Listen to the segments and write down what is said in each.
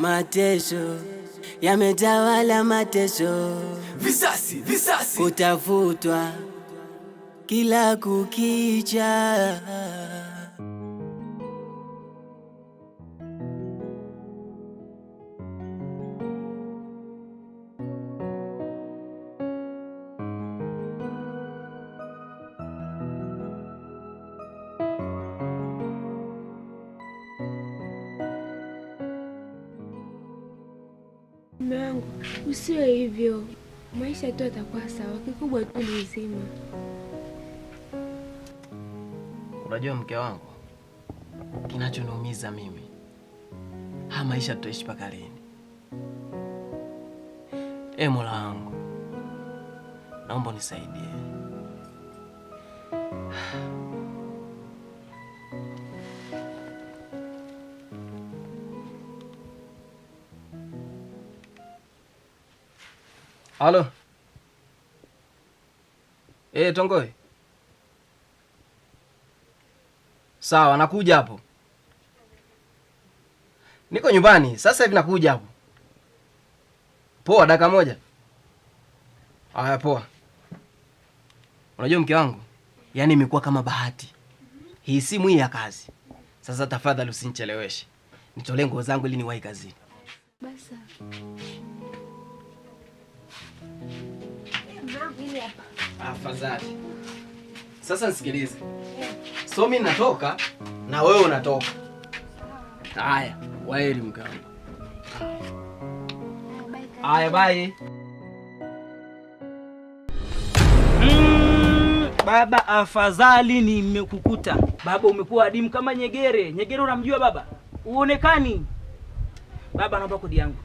mateso yametawala, mateso, visasi visasi, kutafutwa kila kukicha. mume wangu, usiwe hivyo. Maisha tu atakuwa sawa, kikubwa tu ni uzima. Unajua mke wangu, kinachoniumiza mimi, haya maisha tutaishi mpaka lini? E Mola wangu, naomba unisaidie. Halo e, Tongoe, sawa, nakuja hapo, niko nyumbani sasa hivi, nakuja hapo. Poa, dakika moja. Haya, poa. Unajua mke wangu, yaani imekuwa kama bahati hii, simu hii ya kazi. Sasa tafadhali usinicheleweshe, nitolee nguo zangu ili niwahi kazini. Basa. Afadhali. Sasa nisikilize. So mimi natoka na wewe unatoka. Haya, waeri mgamba. Haya, bye. Mm, baba, afadhali nimekukuta. Baba, umekuwa adimu kama Nyegere. Nyegere unamjua baba? Uonekani. Baba, naomba kodi yangu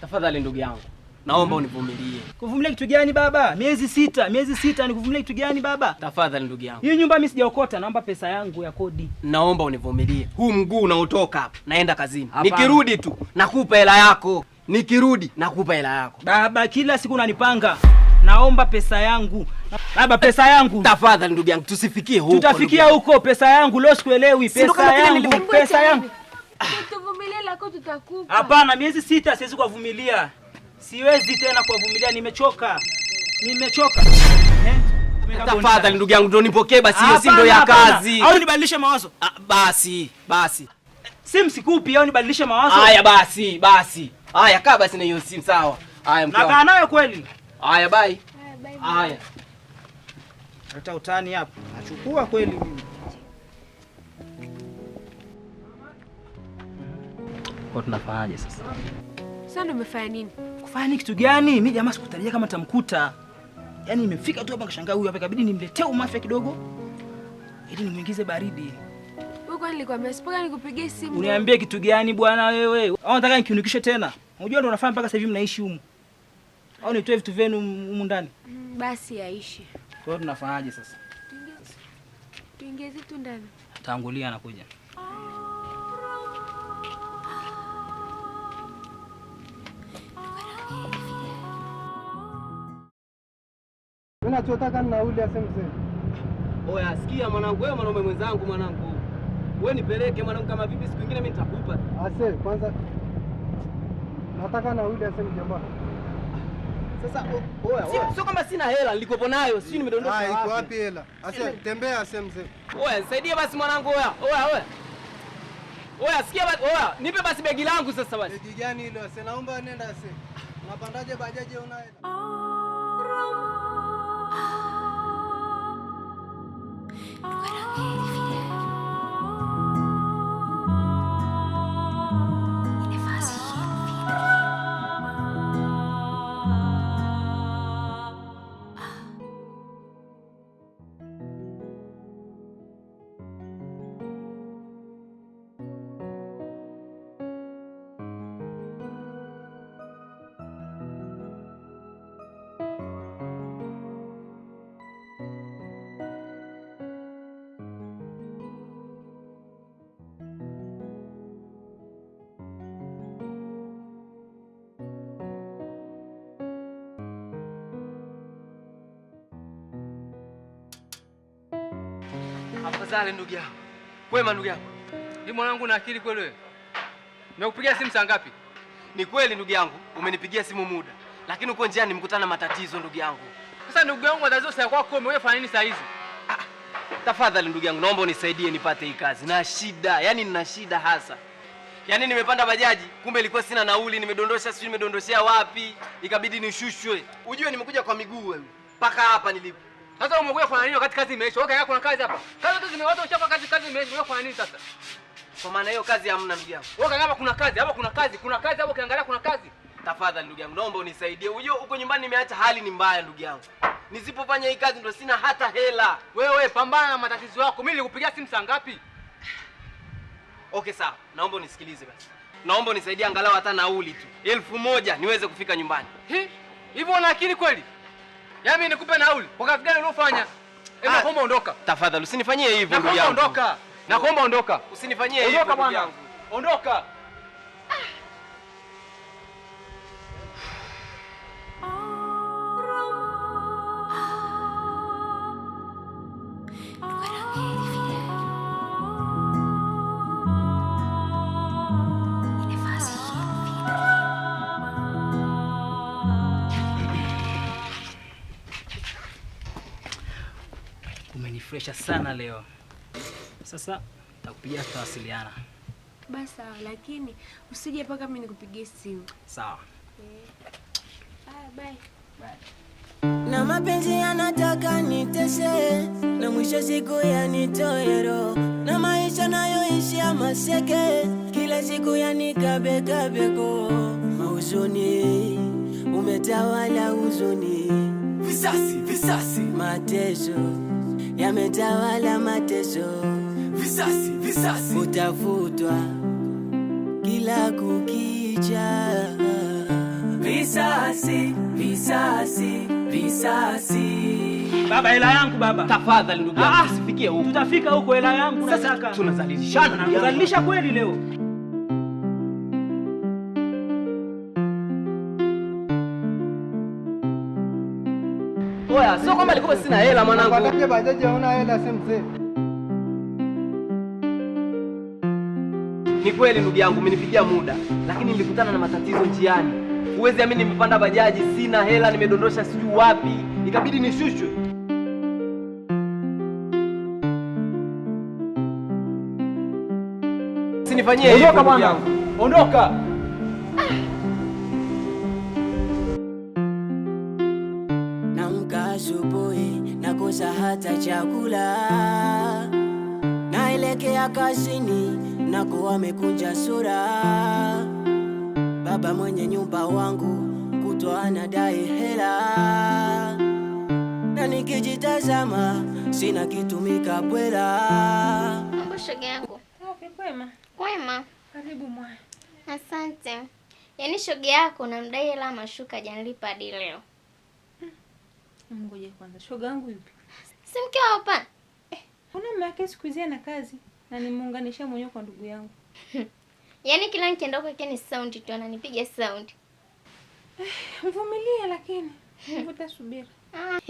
tafadhali, ndugu yangu. Naomba univumilie. Kuvumilia kitu gani baba? Miezi sita, miezi sita nikuvumilia kitu gani baba? Tafadhali ndugu yangu. Hii nyumba mimi sijaokota, naomba pesa yangu ya kodi. Naomba univumilie. Huu mguu unaotoka hapa, naenda kazini. Nikirudi tu nakupa hela yako. Nikirudi nakupa hela yako. Baba, kila siku unanipanga. Naomba pesa yangu. Baba, pesa yangu. Tafadhali ndugu yangu, tusifikie huko. Tutafikia huko, pesa yangu. Leo sikuelewi, pesa yangu. Pesa yangu. Tutavumilia lako, tutakupa. Hapana, miezi sita siwezi kuvumilia. Siwezi tena kuvumilia, nimechoka, nimechoka. Eh? Tafadhali ndugu yangu, ndo nipokee basi, hiyo si ndo ya kazi au nibadilishe mawazo? Ah, basi basi, simu sikupi au nibadilishe mawazo? Haya basi basi, haya kaa basi na hiyo simu sawa. Haya mkao, nakaa nayo kweli. Haya bye. Haya hata utani hapo, nachukua kweli mimi. Kwa tunafanyaje sasa? Sasa umefanya nini? Kafanya kitu gani? Mimi jamaa sikutarajia kama tamkuta. Yaani imefika tu hapa kashangaa huyu hapa ikabidi nimletee umafia kidogo ili nimuingize baridi. Wewe kwani nilikwambia sipoka nikupigie simu. Uniambie kitu gani bwana wewe? Au nataka nikiunikishe tena? Unajua ndo unafanya mpaka sasa hivi mnaishi humu. Au nitoe vitu vyenu humu ndani? Mm, Basi yaishi. Kwa hiyo tunafanyaje sasa? Tuingize tu ndani. Tangulia anakuja. Ninachotaka ni nauli ase mzee. Oya, sikia mwanangu, wewe mwanaume mwenzangu mwanangu. Wewe nipeleke mwanangu kama vipi siku nyingine mimi nitakupa. Ase kwanza nataka nauli ase mjomba. Sasa oya, oya. Sio kama sina hela nilikopo nayo, sio nimedondoka wapi? Ah, iko wapi hela? Ase tembea ase mzee. Oya, nisaidie basi mwanangu oya. Oya, oya. Oya, sikia basi oya, nipe basi begi langu sasa basi. Begi gani hilo? Ase naomba nenda ase. Unapandaje bajaji unaenda? Oh, Sale ndugu yangu. Kwema ndugu yangu. Ni mwanangu na akili kweli wewe. Nimekupigia simu saa ngapi? Ni kweli ndugu yangu, umenipigia simu muda. Lakini uko njiani nimekutana na matatizo ndugu yangu. Sasa ndugu yangu matatizo sasa kwako fanya nini saa hizi? Ah, ah, tafadhali ndugu yangu, naomba unisaidie nipate hii kazi. Na shida, yani nina shida hasa. Yaani nimepanda bajaji, kumbe ilikuwa sina nauli, nimedondosha sijui nimedondoshea wapi, ikabidi nishushwe. Ujue nimekuja kwa miguu wewe. Paka hapa nilipo. Sasa umekuja kufanya nini wakati kazi imeisha? Wewe kuna kazi hapa. Kazi tu zimewaza uchafa kazi kazi imeisha. Wewe kufanya nini sasa? Kwa maana hiyo kazi hamna ndugu yangu. Wewe hapa kuna kazi, hapa kuna kazi, kuna kazi hapo ukiangalia kuna kazi. Tafadhali ndugu yangu, naomba unisaidie. Unajua huko nyumbani nimeacha hali ni mbaya ndugu yangu. Nisipofanya hii kazi ndio sina hata hela. Wewe pambana na matatizo yako. Mimi nilikupigia simu saa ngapi? Okay sawa. Naomba unisikilize basi. Naomba unisaidie angalau hata nauli tu. Elfu moja niweze kufika nyumbani. Hivi una akili kweli? Ya mimi nikupe nauli. Kwa kazi gani uliofanya? Hebu ah, naomba ondoka. Tafadhali usinifanyie hivyo ndugu yangu. Naomba ondoka. Naomba ondoka. Usinifanyie hivyo. ndugu yangu. Ondoka. umenifurahisha sana leo. Sasa nitakupigia tutawasiliana. Basi sawa, lakini usije paka mimi nikupigie simu. Sawa. Okay. Eh, bye, bye. Bye. Na mapenzi yanataka nitese na mwisho siku yanitoero na maisha nayoishi ya maseke kila siku yanikabekabeko mauzuni umetawala huzuni visasi visasi mateso yametawala mateso, visasi visasi, utafutwa kila kukicha, visasi visasi visasi. Baba, hela yangu baba, tafadhali ndugu yangu, ah, usifikie huko. Tutafika huko, hela yangu. nataka. Tunazalishana. Tunazalisha kweli leo. hela, sio kwamba alikuwa sina hela mwanangu. bajaji hauna hela si mzee. Ni kweli ndugu yangu, umenipigia muda, lakini nilikutana na matatizo njiani. Huwezi amini, nimepanda bajaji sina hela, nimedondosha sijui wapi, ikabidi nishushwe. Usinifanyie hivyo ndugu yangu. Ondoka. kukosa hata chakula. Naelekea kazini nako wamekunja sura. Baba mwenye nyumba wangu kutwa anadai hela, na nikijitazama sina kitumika pwela. Shoga yangu kwema? Kwema. Karibu mwa. Asante. Yaani shoga yako namdai hela mashuka janilipa hadi leo. Hmm. Ngoja kwanza, shoga yangu yupi? si mke wa Eh, Kuna mume wake siku hizi ana kazi na nimeunganisha mwenyewe kwa ndugu yangu. Yaani kila nikienda kwake ni saundi tu ananipiga Eh, Mvumilie lakini mvuta subira. Ah,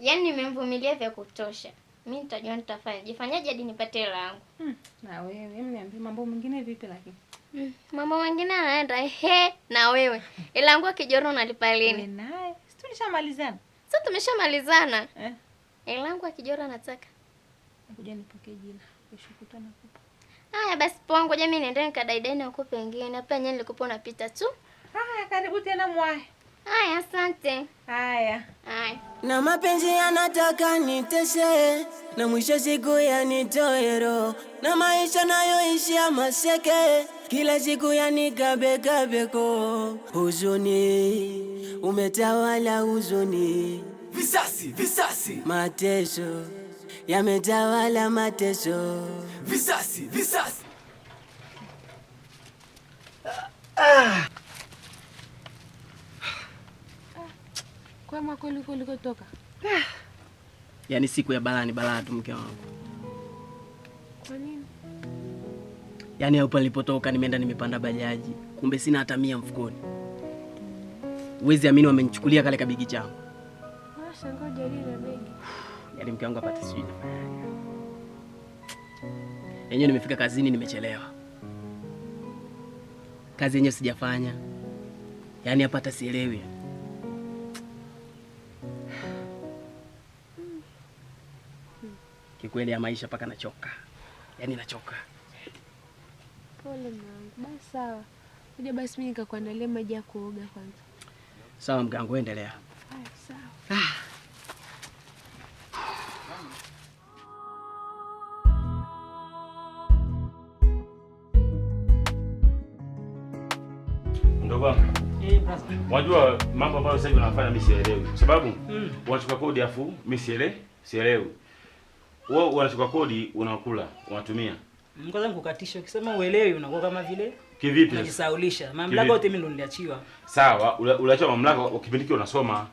yaani nimemvumilia vya kutosha. Mimi nitajua nitafanya. Jifanyaje hadi nipate hela yangu. Hmm. Na wewe, mimi yaani niambie mambo mengine vipi lakini? Mm. Mambo mengine anaenda ehe na wewe. Hela yangu akijora unalipa lini? Wewe naye. Sisi tulishamalizana. Sasa tumeshamalizana. Eh. Elangu akijora nataka. Ngoja nipokee jina. Kesho kutana kupa. Haya basi poa, ngoja mimi niende nikadaidae na huko pengine. Hapa yenyewe nilikupa unapita tu. Haya karibu tena mwae. Haya asante. Haya. Haya. Na mapenzi yanataka niteshe, na mwisho siku yanitoero na maisha nayoishi ya maseke, kila siku yanikabekabeko. Huzuni umetawala huzuni Visasi, visasi, mateso yametawala, mateso, visasi, visasi. Ah. Kwema kweli huko ulikotoka? Yaani siku ya balani ni balaa tu mke wangu. Kwa nini? Yaani hapo nilipotoka nimeenda nimepanda bajaji, kumbe sina hata mia mfukoni. Uwezi amini wamenichukulia kale kabigi changu. Shangaa Yaani mke wangu apate sijui nafanyaje. Yenyewe nimefika kazini nimechelewa. Kazi yenyewe sijafanya. Yaani hapa hata sielewi. Kikweli ya maisha mpaka nachoka. Yaani nachoka. Pole mwanangu. Basi sawa. Kuja basi mimi nikakuandalia maji ya kuoga kwanza. Sawa mgangu, endelea. Sawa. Ah. Unajua mambo ambayo sasa hivi wanafanya mimi sielewi. sababu mm. wanachukua kodi afu mimi sielewi, sielewi. Wao wanachukua kodi unakula, unatumia. Mkoza nikukatisha. Ukisema uelewi unakuwa kama vile kivipi? Unajisaulisha. Mamlaka yote mimi ndo niliachiwa. Sawa, uliachiwa mamlaka kipindi kile unasoma.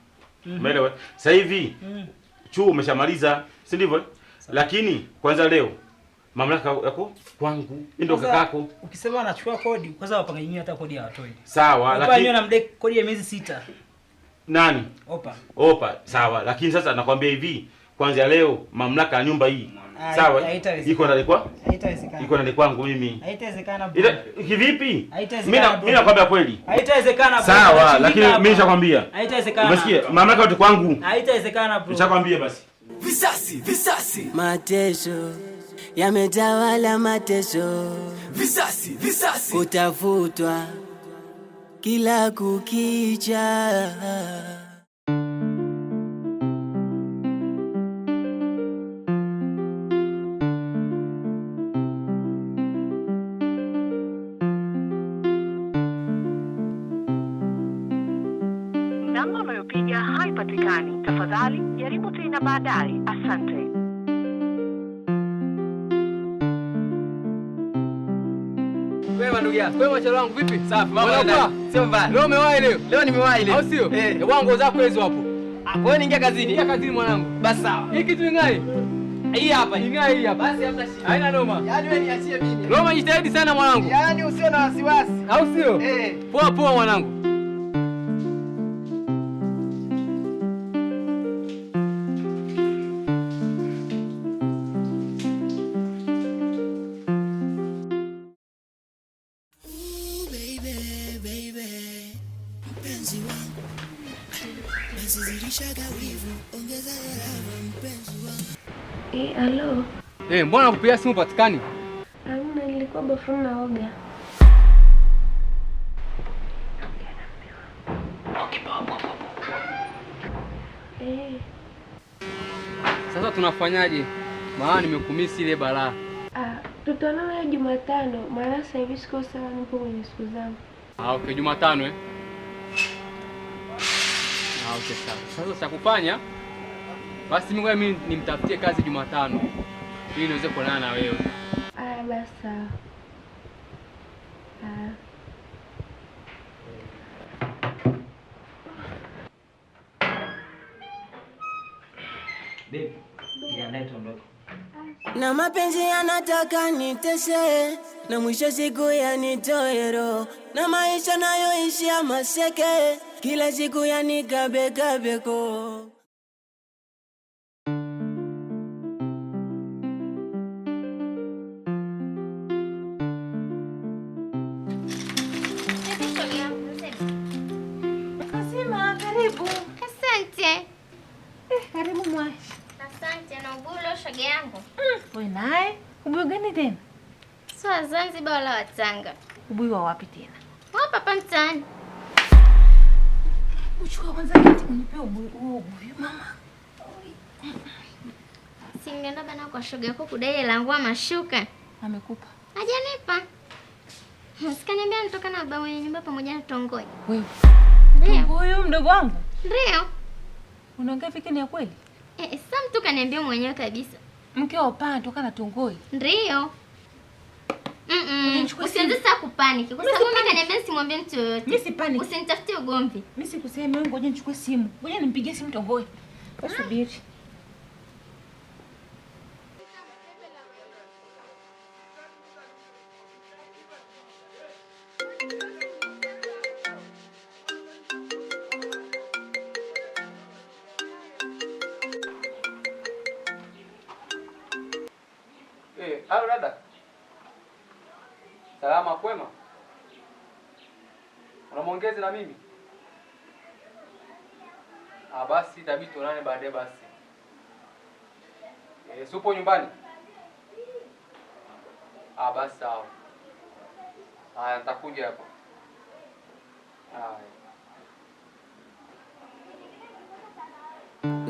Hmm. Umeelewa? Mm -hmm. Sasa hivi mm. chuo umeshamaliza, si ndivyo? Lakini kwanza leo mamlaka yako kwangu, ndio kakako. Ukisema anachukua kodi, kwanza wapanga yenyewe hata kodi hawatoi. Sawa, lakini anamdai kodi ya miezi sita. Nani? Opa. Opa, sawa. Lakini sasa nakwambia hivi, kwanza leo mamlaka ya nyumba hii sawa, iko ndani kwa haitawezekana, iko ndani kwangu mimi. Haitawezekana bwana. Kivipi? Haitawezekana. Mimi nakwambia kweli, haitawezekana Sawa, lakini mimi nishakwambia haitawezekana. Umesikia? Mamlaka yote kwangu. Haitawezekana bro. Nishakwambia basi. Visasi, visasi, mateso yametawala mateso, visasi visasi, kutafutwa kila kukicha. Namba unayopiga haipatikani. Tafadhali jaribu tena baadaye. Asante. Nakuja. Wewe wacha wangu vipi? Safi mama. Sio mbaya. Leo umewahi leo. Leo nimewahi leo. Au sio? Eh, eh wangu zako hizo hapo. Ah, wewe niingia kazini. Ingia kazini mwanangu. Basi sawa. Hii kitu ingae. Hii hapa. Ingae hii hapa. Basi hamna shida. Haina noma. Yaani wewe niachie mimi. Leo umejitahidi sana mwanangu. Yaani usio na wasiwasi. Au sio? Eh. Poa poa mwanangu. Eh, hey, eh, mbona nakupigia simu patikani? Hamna, nilikuwa bafuni naoga. Hey. Eh. Sasa tunafanyaje? Maana nimekumisi ile balaa. Ah, tutaonana Jumatano, maana sasa hivi siko sawa, nipo kwenye siku zangu. Ah, okay, Jumatano eh? sasa cha kufanya basi mimi mimi nimtafutie kazi Jumatano ili niweze kuonana na wewe. Ah, basi sawa. Na mapenzi yanataka nitese, na mwisho siku yanitoe roho, na maisha nayoishi ya maseke kila siku yani kabe kabe ko Karibu eh, Mwashi. Asante na hmm, tena? Zanzibar wala Tanga. wa wapi tena? Hapa hapa mtaani. Uchukua kwanza kiti unipe ubuyu ubuyu mama. Singenda bana kwa shoga yako kudai hela nguo mashuka. Amekupa. Hajanipa. Sikaniambia nitoka na baba mwenye nyumba pamoja na tongoi. Wewe. Ndio. Huyu mdogo wangu? Ndio. Unaongea fiki ni ya kweli? Eh, eh sasa mtu kaniambia mwenyewe kabisa. Mke wa upaa toka na tongoi. Ndio. Usianze sasa kupaniki kwa sababu mimi kaniambia simwambie mtu yoyote. Mimi si Usinitafutie ugomvi. Mimi sikusema, ngoja nichukue simu. Ngoja nimpigie simu Tongoe. Ah. Subiri. Haya basi, e, supo nyumbani? Ah, basi sawa. Haya, nitakuja hapo.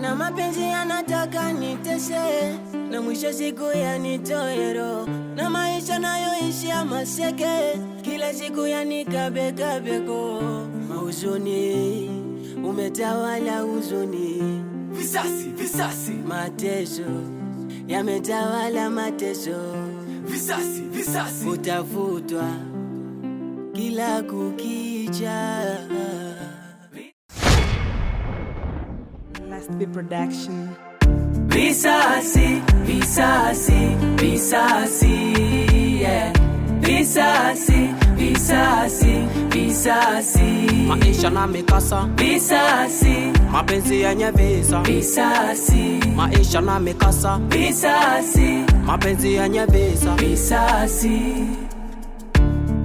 na mapenzi yanataka nitese, na mwisho siku yanitoero, na maisha nayoishi ya maseke, kila siku yanikabekabeko, mauzuni umetawala huzuni Visasi, visasi, mateso yametawala, mateso, visasi, visasi, utafutwa kila kukicha. Last B Production. Visasi, visasi, visasi, yeah. Visasi, visasi, visasi. Maisha na mikasa. Visasi. Mapenzi yenye visa. Visasi. Maisha na mikasa. Visasi. Mapenzi yenye visa. Visasi.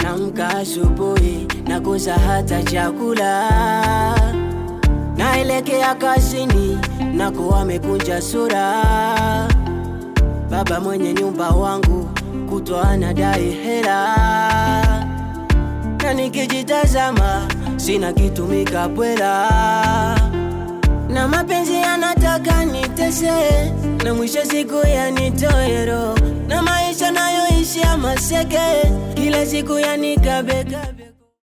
Namka asubuhi nakosa hata chakula, naelekea kazini nako wamekunja sura, baba mwenye nyumba wangu kutwa anadai hela, na nikijitazama sina kitu pwela, na mapenzi yanataka nitese, na mwisho siku yanitoe roho, na maisha nayoishi ya maseke, kila siku yanikabekabe.